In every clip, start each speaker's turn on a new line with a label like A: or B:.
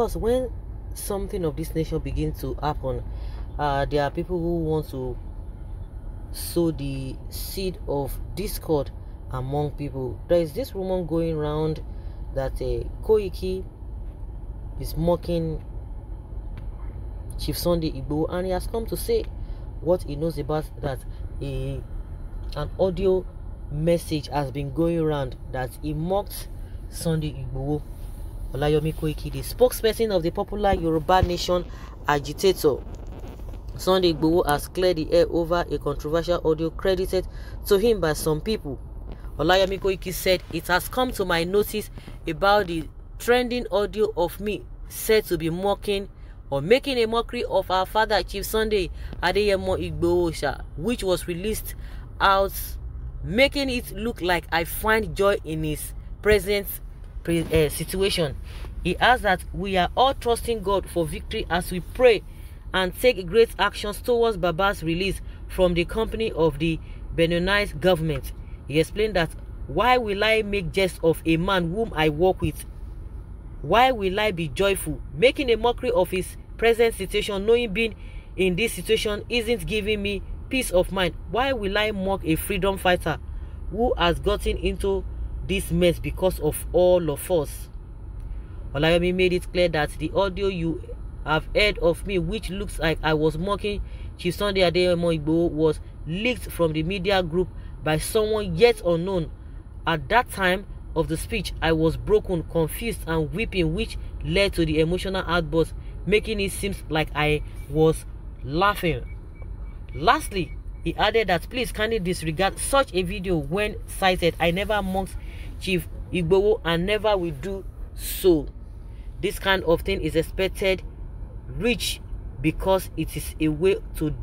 A: course, when something of this nature begins to happen, uh, there are people who want to sow the seed of discord among people. There is this rumor going around that uh, Koiki is mocking Chief Sunday Igbo, and he has come to say what he knows about that. A, an audio message has been going around that he mocked Sunday Igbo Olayomi Koiki, the spokesperson of the popular Yoruba Nation agitator Sunday Igboho has cleared the air over a controversial audio credited to him by some people. Olayomi Koiki said, It has come to my notice about the trending audio of me said to be mocking or making a mockery of our father Chief Sunday Adeyemo Igboho, which was released out, making it look like I find joy in his presence uh, situation. He adds that we are all trusting God for victory as we pray and take great actions towards Baba's release from the company of the Benonite government. He explained that, Why will I make jest of a man whom I work with? Why will I be joyful? Making a mockery of his present situation, knowing being in this situation isn't giving me peace of mind. Why will I mock a freedom fighter who has gotten into this mess because of all of us. Olayomi made it clear that the audio you have heard of me which looks like I was mocking Chief Sunday Adeyemo Igboho was leaked from the media group by someone yet unknown. At that time of the speech, I was broken, confused and weeping which led to the emotional outburst making it seem like I was laughing. Lastly, he added that please kindly disregard such a video when cited. I never mocked Chief Igbowo and never will do so. This kind of thing is expected rich because it is a way to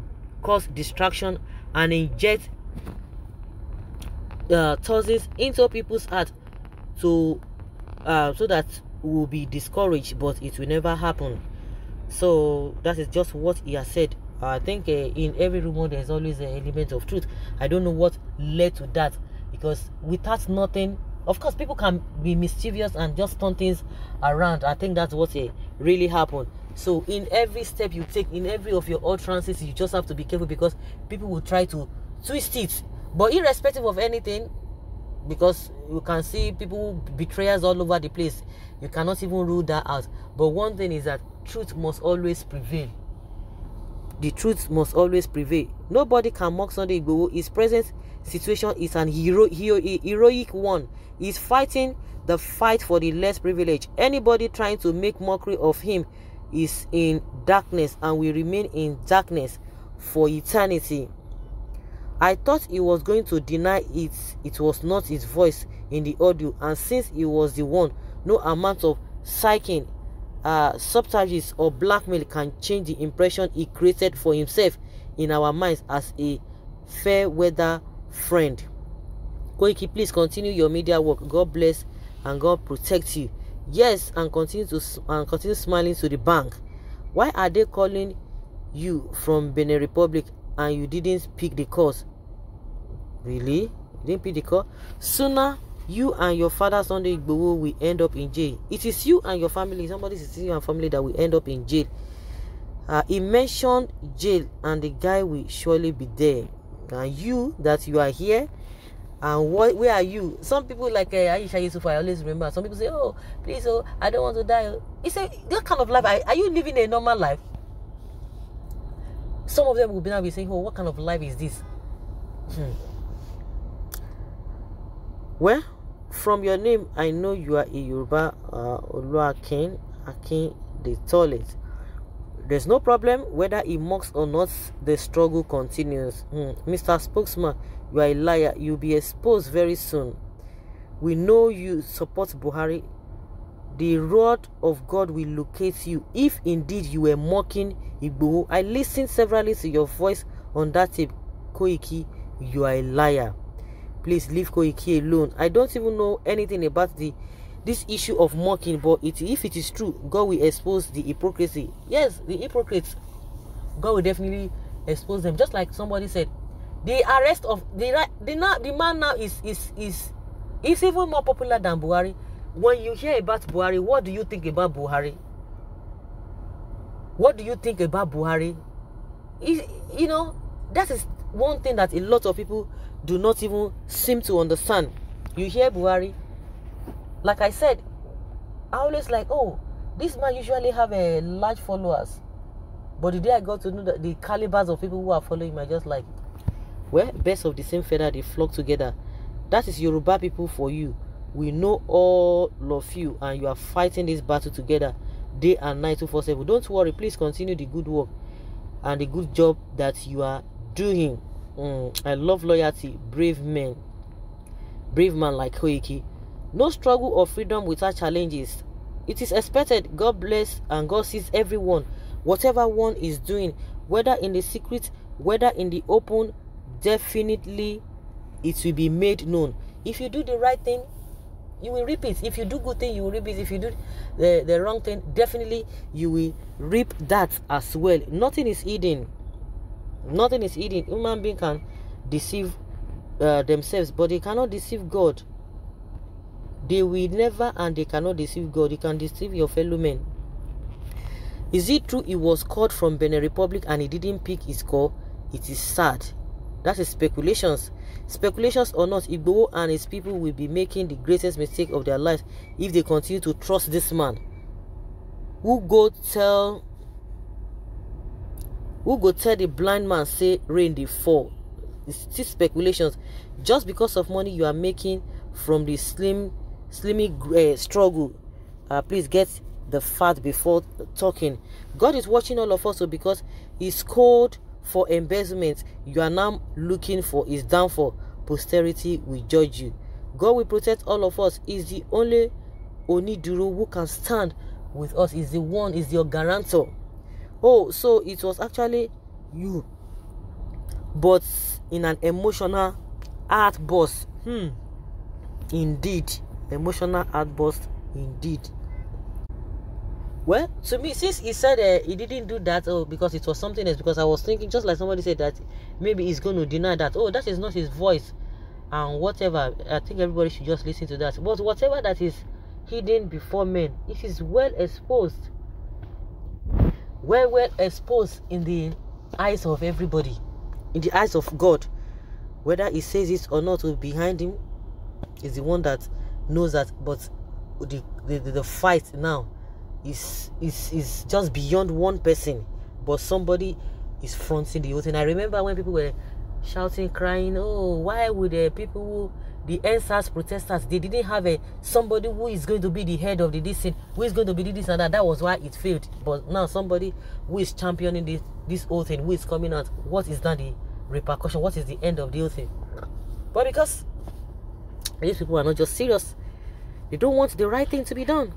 A: cause distraction and inject uh, toxins into people's heart to uh, so that will be discouraged but it will never happen so that is just what he has said i think uh, in every rumor there's always an element of truth i don't know what led to that because without nothing of course, people can be mischievous and just turn things around. I think that's what eh, really happened. So in every step you take, in every of your utterances, you just have to be careful because people will try to twist it. But irrespective of anything, because you can see people betrayers all over the place, you cannot even rule that out. But one thing is that truth must always prevail. The truth must always prevail. Nobody can mock Sunday Igboho. His present situation is an hero, hero, heroic one. He's fighting the fight for the less privileged. Anybody trying to make mockery of him is in darkness and will remain in darkness for eternity. I thought he was going to deny it. It was not his voice in the audio, and since he was the one, no amount of psyching uh, subterfuge or blackmail can change the impression he created for himself in our minds as a fair weather friend. Koiki, please continue your media work. God bless and God protect you. Yes, and continue to and continue smiling to the bank. Why are they calling you from Benin Republic and you didn't pick the calls? Really? You didn't pick the call? Sooner you and your father Sunday we will end up in jail. It is you and your family, somebody is you and family that will end up in jail. Uh, he mentioned jail and the guy will surely be there. And you that you are here and what where are you? Some people like uh, Aisha Yusuf, I always remember. Some people say, "Oh, please, oh, I don't want to die." Oh. It's a that kind of life. Are, are you living a normal life? Some of them will be now be saying, "Oh, what kind of life is this?" Hmm. Well, from your name i know you are a yoruba uh, a akin the toilet there's no problem whether he mocks or not the struggle continues mr hmm, spokesman you are a liar you'll be exposed very soon we know you support buhari the rod of god will locate you if indeed you were mocking Ibu. i listened severally to your voice on that tape koiki you are a liar please leave Koiki alone. I don't even know anything about the this issue of mocking, but it, if it is true, God will expose the hypocrisy. Yes, the hypocrites, God will definitely expose them. Just like somebody said, the arrest of the the, the man now is is is is even more popular than Buhari. When you hear about Buhari, what do you think about Buhari? What do you think about Buhari? Is you know that is one thing that a lot of people do not even seem to understand. You hear Buhari? Like I said, I always like, oh, this man usually have a large followers. But the day I got to know that the calibers of people who are following him, I just like, well, best of the same feather, they flock together. That is Yoruba people for you. We know all of you, and you are fighting this battle together day and night 247. Don't worry, please continue the good work and the good job that you are doing. Mm, I love loyalty, brave men, brave man like Koiki. No struggle or freedom without challenges. It is expected God bless and God sees everyone, whatever one is doing, whether in the secret, whether in the open, definitely it will be made known. If you do the right thing, you will reap it. If you do good thing, you will reap it. If you do the, the wrong thing, definitely you will reap that as well. Nothing is hidden. Nothing is hidden. Human being can deceive uh, themselves, but they cannot deceive God. They will never and they cannot deceive God. You can deceive your fellow men. Is it true he was called from Benin Republic and he didn't pick his call? It is sad. That is speculations. Speculations or not, Igbo and his people will be making the greatest mistake of their lives if they continue to trust this man. Who go tell who go tell the blind man say rain dey fall it's still speculations just because of money you are making from the slim slimy uh, eh, struggle uh, please get the fat before talking god is watching all of us so because he's called for embezzlement you are now looking for is down for posterity will judge you god will protect all of us is the only only oniduro who can stand with us is the one is your guarantor oh so it was actually you but in an emotional outburst hmm indeed emotional outburst indeed well to me since he said uh, he didn't do that oh because it was something else because i was thinking just like somebody said that maybe he's going to deny that oh that is not his voice and whatever i think everybody should just listen to that but whatever that is hidden before men it is well exposed were well exposed in the eyes of everybody, in the eyes of God. Whether he says it or not, behind him is the one that knows that. But the, the, the fight now is, is, is just beyond one person, but somebody is fronting the whole thing. I remember when people were shouting, crying, oh, why would the people the NSAS protesters, they didn't have a somebody who is going to be the head of the this, who is going to be the this and that. That was why it failed. But now somebody who is championing this this whole thing, who is coming out, what is that the repercussion? What is the end of the whole thing? But because these people are not just serious, they don't want the right thing to be done.